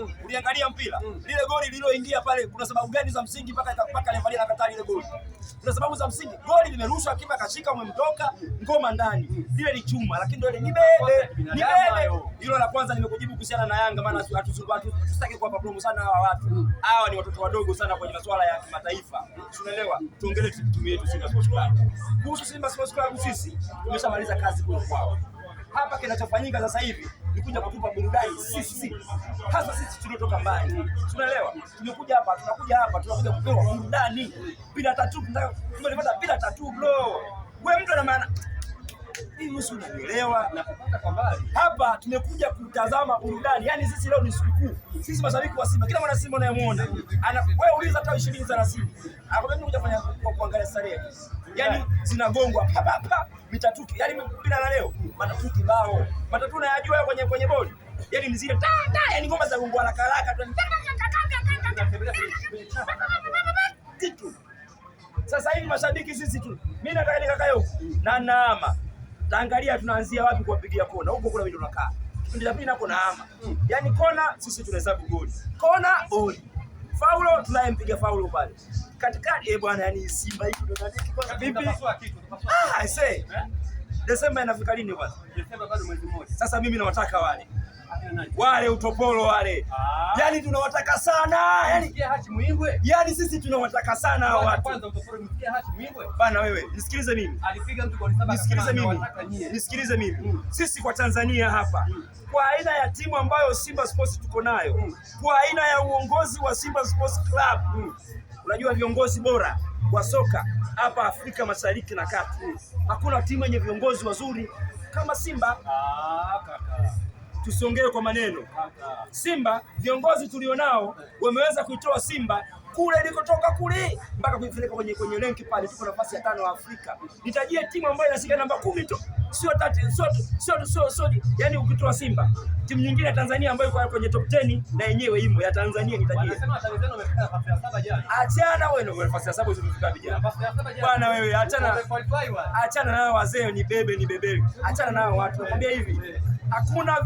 mm. uliangalia mpira mm. lile goli lililoingia pale, kuna sababu gani za msingi mpaka mpaka aliangalia na kataa ile goli? Kuna sababu za msingi. Goli limerushwa, kipa kashika, umemtoka ngoma ndani lile ni chuma, lakini ndio ile ni bebe ni bebe. Hilo la kwanza nimekujibu kuhusiana na Yanga, maana tusitaki kuwapa promo sana hawa watu mm. hawa ni watoto wadogo sana kwenye masuala ya kimataifa, tunaelewa. Tuongelee timu yetu Simba Sports Club. Kuhusu Simba Sports Club, sisi tumeshamaliza kazi kwa kwao. Hapa kinachofanyika sasa hivi kuja kutupa burudani sisi, hasa sisi tuliotoka mbali, tunaelewa. Tumekuja hapa, tunakuja hapa, tunakuja kupewa burudani bila tatu, tunalipata bila tatu bro. Wewe mtu ana maana nusu, unanielewa? kupata kwa mbali hapa, tumekuja kutazama burudani. Yani sisi leo ni sikukuu, sisi mashabiki wa Simba, kila mwana Simba unayemwona ana wewe, uliza hata ishirini thelathini, akuja kufanya kuangalia starehe, yani zinagongwa hapa hapa mitatu yani bila la leo matatu kibao matatu na yajua kwenye kwenye bodi yani mzile ta ta yani ngoma za rungu haraka haraka tu kitu sasa hivi mashabiki sisi tu mimi nataka nikakae huko na naama taangalia tunaanzia wapi kuwapigia kona huko kuna wengine tunakaa kipindi cha pili nako naama yani kona sisi tunahesabu goli kona oli faulo, mpige faulo pale katikati. Eh bwana, yani Simba hiyo ndo vipi? Ah, I say eh? Desemba inafika lini bwana? Desemba bado mwezi mmoja. Sasa mimi nawataka wale wale utopolo wale, ah. yani tunawataka sana yani, yani sisi tunawataka sana watu. Bana wewe nisikilize mimi, nisikilize mimi, nisikilize mm. mimi. Sisi kwa Tanzania hapa mm. kwa aina ya timu ambayo Simba Sports tuko nayo, mm. kwa aina ya uongozi wa Simba Sports Club, unajua viongozi bora wa soka hapa Afrika Mashariki na Kati, hakuna timu yenye viongozi wazuri kama Simba. Ah, kaka tusiongee kwa maneno. Simba viongozi tulionao wameweza kuitoa Simba kule ilikotoka kule mpaka kuipeleka kwenye kwenye renki pale, tuko nafasi ya tano ya Afrika. Nitajie timu ambayo inashika namba kumi tu, sio tatu, sio sio sio sio, yani ukitoa Simba timu nyingine ya Tanzania ambayo iko kwenye top 10 na yenyewe imo ya Tanzania, nitajie. Wanasema Tanzania wamefika nafasi ya saba jana. Achana wewe, ndio nafasi ya saba zimefika jana. Bwana wewe, achana achana nao wazee, ni bebe ni bebe, achana nao watu. Nakwambia hivi Hakuna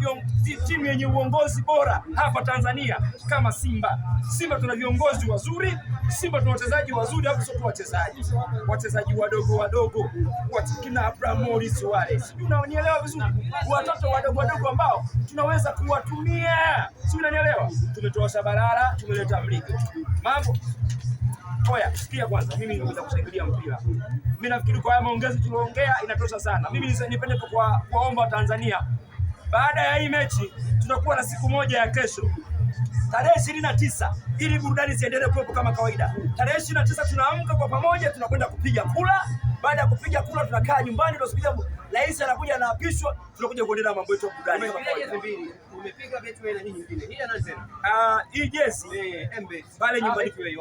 timu yenye uongozi bora hapa Tanzania kama Simba. Simba tuna viongozi wazuri, Simba tuna wachezaji wazuri, hapo sio wachezaji wachezaji wadogo wadogo wakina Abramovich Suarez, unanielewa vizuri, watoto wadogo wadogo ambao tunaweza kuwatumia, si unanielewa? Tumetoa Shabalala, tumeleta Mliki, mambo Oya, sikia kwanza, mimi niweza kushangilia mpira. Mimi nafikiri kwa haya maongezi tuliongea inatosha sana. Mimi nipende kwa kuwaomba Tanzania baada ya hii mechi tutakuwa na siku moja ya kesho tarehe ishirini na tisa ili burudani ziendelee kuwepo kama kawaida. Tarehe ishirini na tisa tunaamka kwa pamoja, tunakwenda kupiga kula. Baada ya kupiga kula, tunakaa nyumbani, tunasubiria rais anakuja, anaapishwa, tunakuja kuendelea mambo yetu ya burudani kama nyingine Hii ah, jezi eh, pale ah, nyumbani